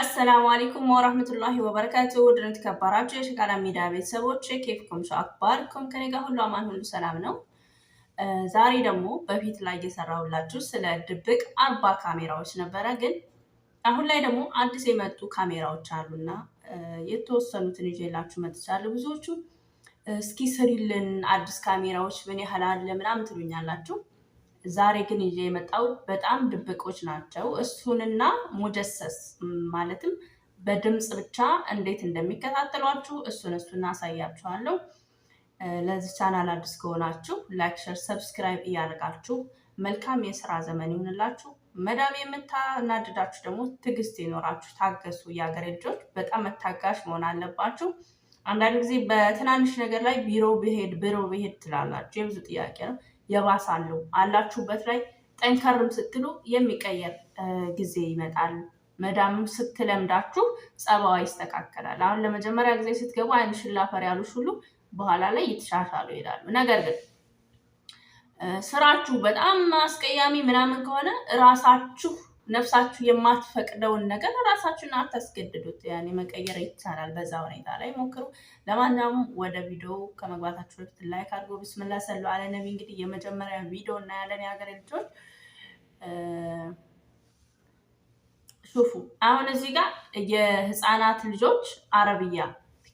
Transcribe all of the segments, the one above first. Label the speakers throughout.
Speaker 1: አሰላሙ አሌይኩም ወራህመቱላሂ ወበረካቱ ውድን የተከበራችሁ የሸቃላ ሚዲያ ቤተሰቦች ኬፍኩም ሸ አክባር ከም ከኔ ጋር ሁሉ አማን ሁሉ ሰላም ነው። ዛሬ ደግሞ በፊት ላይ እየሰራሁላችሁ ስለ ድብቅ አርባ ካሜራዎች ነበረ፣ ግን አሁን ላይ ደግሞ አዲስ የመጡ ካሜራዎች አሉና የተወሰኑትን ይዤላችሁ መጥቻለሁ። ብዙዎቹ እስኪ ስሪልን አዲስ ካሜራዎች ምን ያህል አለ ምናምን ትሉኛላችሁ። ዛሬ ግን ይዤ የመጣው በጣም ድብቆች ናቸው። እሱንና ሙጀሰስ ማለትም በድምፅ ብቻ እንዴት እንደሚከታተሏችሁ እሱን እሱን አሳያችኋለሁ። ለዚህ ቻናል አዲስ ከሆናችሁ ላይክ፣ ሸር፣ ሰብስክራይብ እያደረጋችሁ መልካም የስራ ዘመን ይሁንላችሁ። መዳም የምታናድዳችሁ ደግሞ ትዕግስት ይኖራችሁ፣ ታገሱ። የአገሬ ልጆች በጣም መታጋሽ መሆን አለባችሁ። አንዳንድ ጊዜ በትናንሽ ነገር ላይ ቢሮ ብሄድ ቢሮ ብሄድ ትላላችሁ። የብዙ ጥያቄ ነው። አለው አላችሁበት ላይ ጠንከርም ስትሉ የሚቀየር ጊዜ ይመጣል። መዳም ስትለምዳችሁ ጸባዋ ይስተካከላል። አሁን ለመጀመሪያ ጊዜ ስትገቡ አይንሽን ላፈር ያሉሽ ሁሉ በኋላ ላይ ይተሻሻሉ ይሄዳሉ። ነገር ግን ስራችሁ በጣም አስቀያሚ ምናምን ከሆነ እራሳችሁ ነፍሳችሁ የማትፈቅደውን ነገር ራሳችሁን አታስገድዱት። ያኔ መቀየር ይቻላል። በዛ ሁኔታ ላይ ሞክሩ። ለማንኛውም ወደ ቪዲዮ ከመግባታችሁ በፊት ላይክ አድርጎ ብስምላ ሰሉ አለ ነቢ እንግዲህ የመጀመሪያ ቪዲዮ እናያለን። የሀገር ልጆች ሹፉ። አሁን እዚህ ጋር የህፃናት ልጆች አረብያ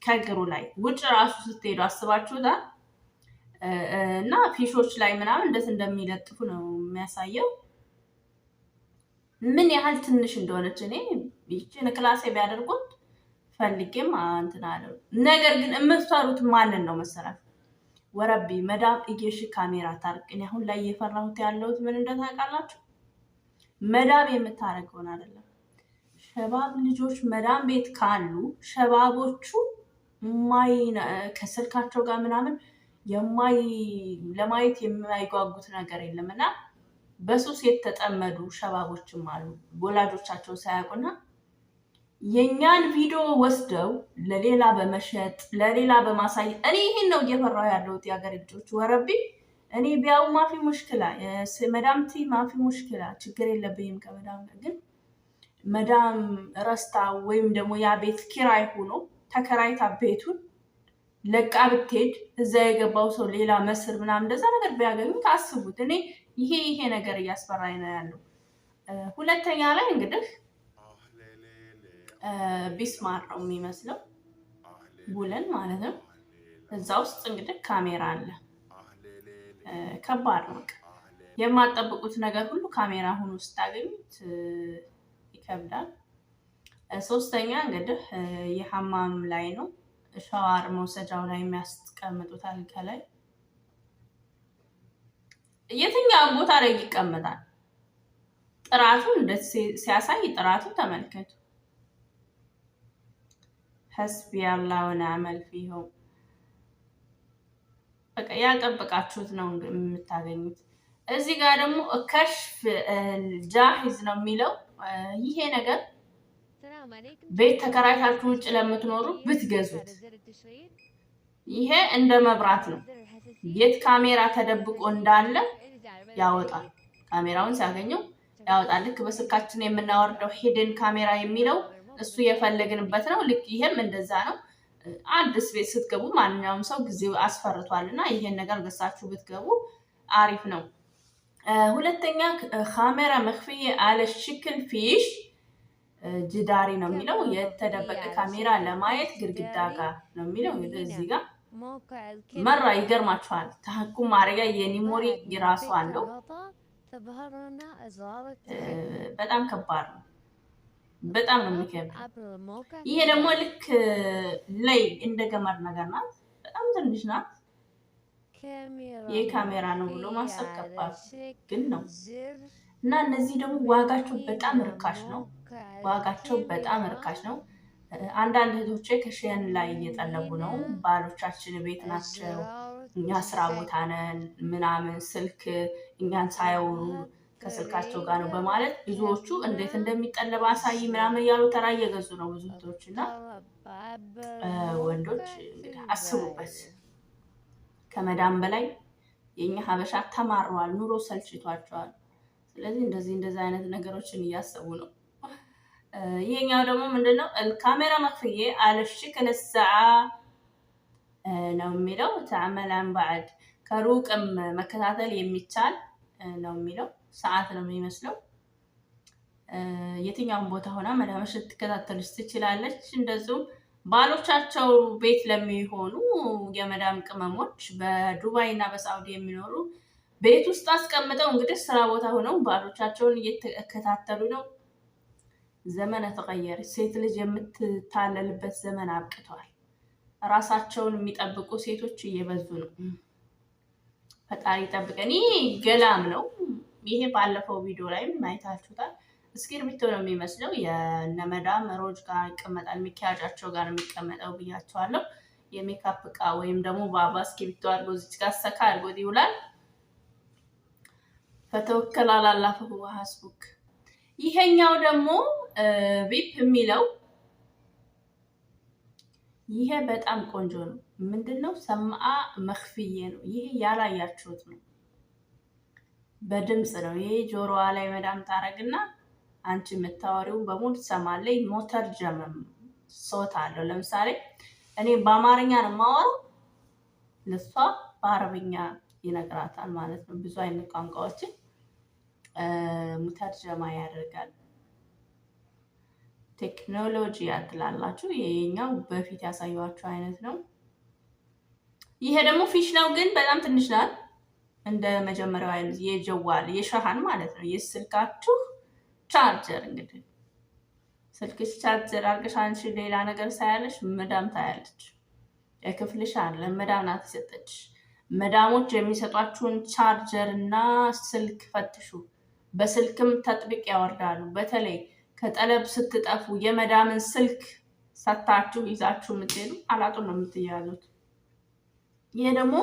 Speaker 1: ከእግሩ ላይ ውጭ ራሱ ስትሄዱ አስባችሁታል። እና ፊሾች ላይ ምናምን እንደት እንደሚለጥፉ ነው የሚያሳየው ምን ያህል ትንሽ እንደሆነች እኔ ይችን ክላሴ ቢያደርጉት ፈልጌም እንትን አለው። ነገር ግን የምትፈሩት ማንን ነው መሰላችሁ? ወረቢ መዳም እየሺ ካሜራ ታርቅ። እኔ አሁን ላይ እየፈራሁት ያለሁት ምን እንደታውቃላችሁ? መዳም የምታደርገውን አይደለም። ሸባብ ልጆች መዳም ቤት ካሉ ሸባቦቹ ከስልካቸው ጋር ምናምን ለማየት የማይጓጉት ነገር የለም እና በሱስ የተጠመዱ ሸባቦችም አሉ። ወላጆቻቸው ሳያውቁና የእኛን ቪዲዮ ወስደው ለሌላ በመሸጥ ለሌላ በማሳየት እኔ ይህን ነው እየፈራሁ ያለሁት። የሀገር ልጆች ወረቢ እኔ ቢያው ማፊ ሙሽክላ መዳምቲ ማፊ ሙሽክላ ችግር የለብኝም ከመዳም ግን መዳም ረስታ ወይም ደግሞ ያ ቤት ኪራይ ሆኖ ተከራይታ ቤቱን ለቃ ብትሄድ እዛ የገባው ሰው ሌላ መስር ምናምን እንደዛ ነገር ቢያገኙት አስቡት። እኔ ይሄ ይሄ ነገር እያስፈራኝ ነው ያለው። ሁለተኛ ላይ እንግዲህ ቢስማር ነው የሚመስለው ቡለን ማለት ነው። እዛ ውስጥ እንግዲህ ካሜራ አለ። ከባድ ነው። የማጠብቁት ነገር ሁሉ ካሜራ ሁኑ ስታገኙት ይከብዳል። ሶስተኛ እንግዲህ የሀማም ላይ ነው ሸዋር መውሰጃው ላይ የሚያስቀምጡታል ከላይ የትኛውን ቦታ ላይ ይቀመጣል? ጥራቱ እንደ ሲያሳይ ጥራቱን ተመልከቱ። ሐስቢ አላህ ወነዕመል ፊህ በቃ ያልጠበቃችሁት ነው የምታገኙት። እዚህ ጋር ደግሞ ከሽፍ ጃሂዝ ነው የሚለው ይሄ ነገር ቤት ተከራይታችሁ ውጭ ለምትኖሩ ብትገዙት ይሄ እንደ መብራት ነው። የት ካሜራ ተደብቆ እንዳለ ያወጣል። ካሜራውን ሲያገኘው ያወጣል። ልክ በስልካችን የምናወርደው ሂድን ካሜራ የሚለው እሱ የፈለግንበት ነው። ልክ ይሄም እንደዛ ነው። አዲስ ቤት ስትገቡ ማንኛውም ሰው ጊዜው አስፈርቷል እና ይሄን ነገር ገሳችሁ ብትገቡ አሪፍ ነው። ሁለተኛ ካሜራ መክፍዬ አለ ሽክል ፊሽ ጅዳሪ ነው የሚለው የተደበቀ ካሜራ ለማየት ግድግዳ ጋር ነው የሚለው እዚህ ጋር መራ ይገርማችኋል። ተሐኩም ማድረጊያ የኒሞሪ የራሱ አለው። በጣም ከባድ ነው። በጣም ነው የሚከብድ። ይሄ ደግሞ ልክ ላይ እንደ ገመድ ነገር ናት። በጣም ትንሽ ናት። ይህ ካሜራ ነው ብሎ ማሰብ ከባድ ግን ነው እና እነዚህ ደግሞ ዋጋቸው በጣም ርካሽ ነው። ዋጋቸው በጣም ርካሽ ነው። አንዳንድ እህቶቼ ከሽን ላይ እየጠለቡ ነው። ባሎቻችን ቤት ናቸው፣ እኛ ስራ ቦታ ነን ምናምን ስልክ እኛን ሳያውሩ ከስልካቸው ጋር ነው በማለት ብዙዎቹ እንዴት እንደሚጠለብ አሳይ ምናምን እያሉ ተራ እየገዙ ነው ብዙ እህቶች እና ወንዶች። እንግዲህ አስቡበት። ከመዳም በላይ የእኛ ሀበሻ ተማረዋል፣ ኑሮ ሰልችቷቸዋል። ስለዚህ እንደዚህ እንደዚህ አይነት ነገሮችን እያሰቡ ነው። ይሄኛው ደግሞ ምንድነው ካሜራ መክፍዬ አለሽክ ለሰዓ ነው የሚለው ተዓመላን በዓድ ከሩቅም መከታተል የሚቻል ነው የሚለው ሰዓት ነው የሚመስለው። የትኛውን ቦታ ሆና መዳመሽ ልትከታተልች ትችላለች። እንደዚሁም ባሎቻቸው ቤት ለሚሆኑ የመዳም ቅመሞች በዱባይ እና በሳውዲ የሚኖሩ ቤት ውስጥ አስቀምጠው እንግዲህ ስራ ቦታ ሆነው ባሎቻቸውን እየተከታተሉ ነው። ዘመነ ተቀየር። ሴት ልጅ የምትታለልበት ዘመን አብቅቷል። ራሳቸውን የሚጠብቁ ሴቶች እየበዙ ነው። ፈጣሪ ጠብቀን። ይህ ገላም ነው። ይሄ ባለፈው ቪዲዮ ላይም ማየታችሁታል። እስክርቢቶ ነው የሚመስለው የነመዳ መሮጅ ጋር ይቀመጣል፣ የሚኪያጃቸው ጋር የሚቀመጠው ብያቸዋለሁ። የሜካፕ እቃ ወይም ደግሞ በአባ እስክርቢቶ አድርጎ ዚች ጋር ሰካ አድርጎት ይውላል። ፈተወከል አላህ ፈሁወ ይሄኛው ደግሞ ቪፕ የሚለው ይሄ በጣም ቆንጆ ነው። ምንድን ነው ሰማአ መክፍዬ ነው። ይሄ ያላያችሁት ነው። በድምፅ ነው። ይሄ ጆሮዋ ላይ መዳም ታረግና አንቺ መታወሪው በሙሉ ትሰማለች። ሞተር ጀመም ሶት አለው። ለምሳሌ እኔ በአማርኛ ነው የማወራው፣ ለሷ በአረብኛ ይነግራታል ማለት ነው። ብዙ አይነት ቋንቋዎችን ሙተርጀማ ያደርጋል። ቴክኖሎጂ ያትላላችሁ ይሄኛው በፊት ያሳየኋችሁ አይነት ነው። ይሄ ደግሞ ፊሽ ነው፣ ግን በጣም ትንሽ ናት። እንደ መጀመሪያው አይነት የጀዋል የሻሃን ማለት ነው። የስልካችሁ ቻርጀር እንግዲህ ስልክሽ ቻርጀር አድርገሽ አንቺ ሌላ ነገር ሳያለሽ መዳም ታያለች። የክፍልሽ አለ መዳም ናት የሰጠች። መዳሞች የሚሰጧችሁን ቻርጀር እና ስልክ ፈትሹ። በስልክም ተጥብቅ ያወርዳሉ። በተለይ ከጠለብ ስትጠፉ የመዳምን ስልክ ሰታችሁ ይዛችሁ የምትሄዱ አላጡ ነው የምትያዙት። ይሄ ደግሞ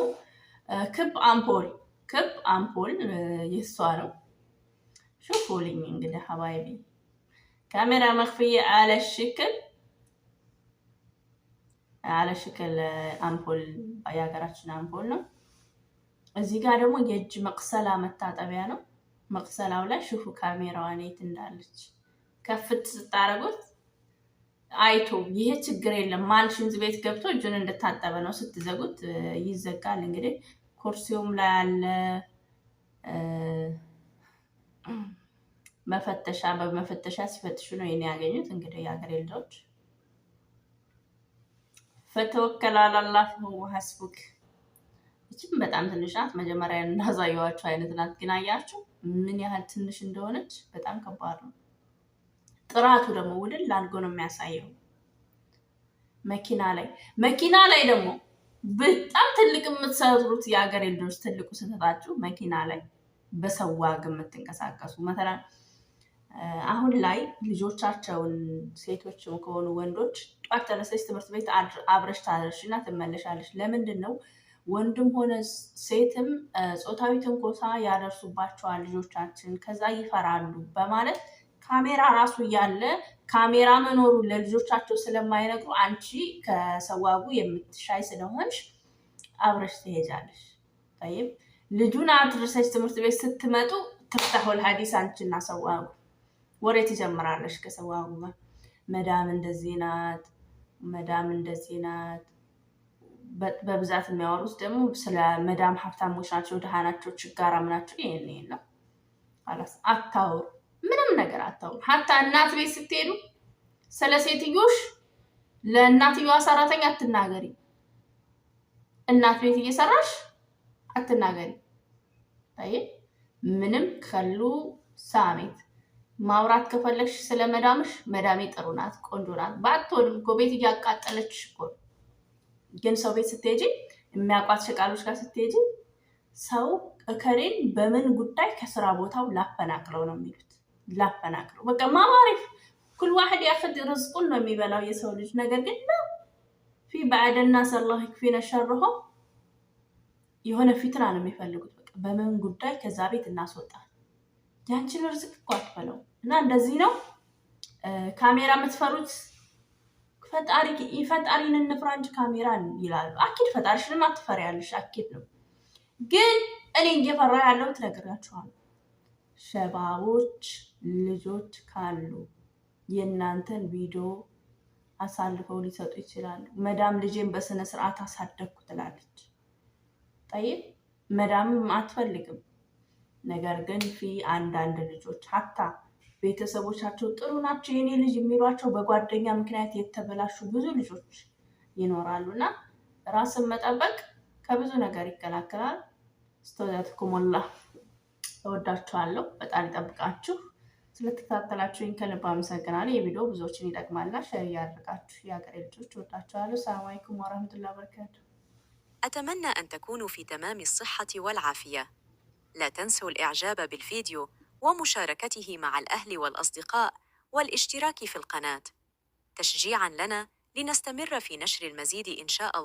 Speaker 1: ክብ አምፖል ክብ አምፖል የሷ ነው። ሹፉልኝ እንግዲህ ሀባይቢ ካሜራ መክፍያ አለ ሽክል አለ ሽክል አምፖል የሀገራችን አምፖል ነው። እዚህ ጋር ደግሞ የእጅ መቅሰላ መታጠቢያ ነው። መቅሰላው ላይ ሽፉ ካሜራዋን የት እንዳለች ከፍት ስታደርጉት አይቶ ይሄ ችግር የለም ማል ሽንት ቤት ገብቶ እጁን እንደታጠበ ነው። ስትዘጉት ይዘጋል። እንግዲህ ኩርሲውም ላይ ያለ መፈተሻ በመፈተሻ ሲፈትሹ ነው ይሄን ያገኙት። እንግዲህ የሀገሬ ልጆች ፈተወከል አላላ ሀስቡክ እችም በጣም ትንሽ ናት። መጀመሪያ እንዳሳየኋችሁ አይነት ናት፣ ግን አያችሁ ምን ያህል ትንሽ እንደሆነች በጣም ከባድ ነው። ጥራቱ ደግሞ ውድን ላንጎ ነው የሚያሳየው። መኪና ላይ መኪና ላይ ደግሞ በጣም ትልቅ የምትሰሩት የሀገር ልጆች ትልቁ ስህተታችሁ መኪና ላይ በሰዋግ የምትንቀሳቀሱ መተራ አሁን ላይ ልጆቻቸውን ሴቶችም ከሆኑ ወንዶች ጧት ተነስተሽ ትምህርት ቤት አብረሽ ታለሽ እና ትመለሻለሽ። ለምንድን ነው ወንድም ሆነ ሴትም ጾታዊ ትንኮሳ ያደርሱባቸዋል ልጆቻችን፣ ከዛ ይፈራሉ በማለት ካሜራ ራሱ እያለ ካሜራ መኖሩን ለልጆቻቸው ስለማይነግሩ አንቺ ከሰዋጉ የምትሻይ ስለሆንሽ አብረሽ ትሄጃለሽ። ወይም ልጁን አድርሰሽ ትምህርት ቤት ስትመጡ ትፍታሁል ሀዲስ አንቺና ሰዋጉ ወሬ ትጀምራለሽ። ከሰዋጉ መዳም እንደዚህ ናት፣ መዳም እንደዚህ ናት በብዛት የሚያወሩት ደግሞ ስለ መዳም ሀብታሞች ናቸው፣ ድሃ ናቸው፣ ችጋራም ናቸው። ይሄን ይሄን ነው አታውሩ፣ ምንም ነገር አታውሩ። ሀታ እናት ቤት ስትሄዱ ስለ ሴትዮሽ ለእናትየዋ ሰራተኛ አትናገሪ። እናት ቤት እየሰራሽ አትናገሪ። ይ ምንም ከሉ ሳሜት ማውራት ከፈለግሽ ስለ መዳምሽ፣ መዳሜ ጥሩ ናት፣ ቆንጆ ናት፣ በአትሆንም ጎ ቤት እያቃጠለች እኮ ነው ግን ሰው ቤት ስትሄጂ የሚያውቋት ሽቃሎች ጋር ስትሄጂ ሰው እከሌን በምን ጉዳይ ከስራ ቦታው ላፈናቅለው ነው የሚሉት። ላፈናቅለው በቃ ማማሪፍ ኩል ዋህድ ያክድ ርዝቁን ነው የሚበላው የሰው ልጅ ነገር ግን ፊ በዐደና ሰላ ክፊነ ሸርሆ የሆነ ፊትና ነው የሚፈልጉት። በቃ በምን ጉዳይ ከዛ ቤት እናስወጣ ያንችን ርዝቅ እኮ አትበለው እና እንደዚህ ነው ካሜራ የምትፈሩት ፈጣሪን እንፍራ እንጂ ካሜራን ይላሉ። አኪድ ፈጣሪሽንም አትፈሪያለሽ፣ አኪድ ነው። ግን እኔ እየፈራ ያለው ትነግራችኋል። ሸባቦች ልጆች ካሉ የእናንተን ቪዲዮ አሳልፈው ሊሰጡ ይችላሉ። መዳም ልጄን በስነ ስርዓት አሳደግኩ ትላለች። ጠይብ መዳምም አትፈልግም። ነገር ግን ፊ አንዳንድ ልጆች ሀታ ቤተሰቦቻቸው ጥሩ ናቸው የኔ ልጅ የሚሏቸው በጓደኛ ምክንያት የተበላሹ ብዙ ልጆች ይኖራሉ እና ራስን መጠበቅ ከብዙ ነገር ይከላከላል። ስተወዛትኩሙላ እወዳችኋለሁ። በጣም ይጠብቃችሁ። ስለተከታተላችሁኝ ከልብ አመሰግናለሁ። የቪዲዮ ብዙዎችን ይጠቅማልና ሸር ያድርጋችሁ። የሀገሬ ልጆች እወዳችኋለሁ። ሰላም አለይኩም ወረህመቱላ በረካቱ። أتمنى أن تكونوا في تمام الصحة والعافية لا تنسوا الإعجاب بالفيديو ومشاركته مع الأهل والأصدقاء والاشتراك في القناة تشجيعا لنا لنستمر في نشر المزيد إن شاء الله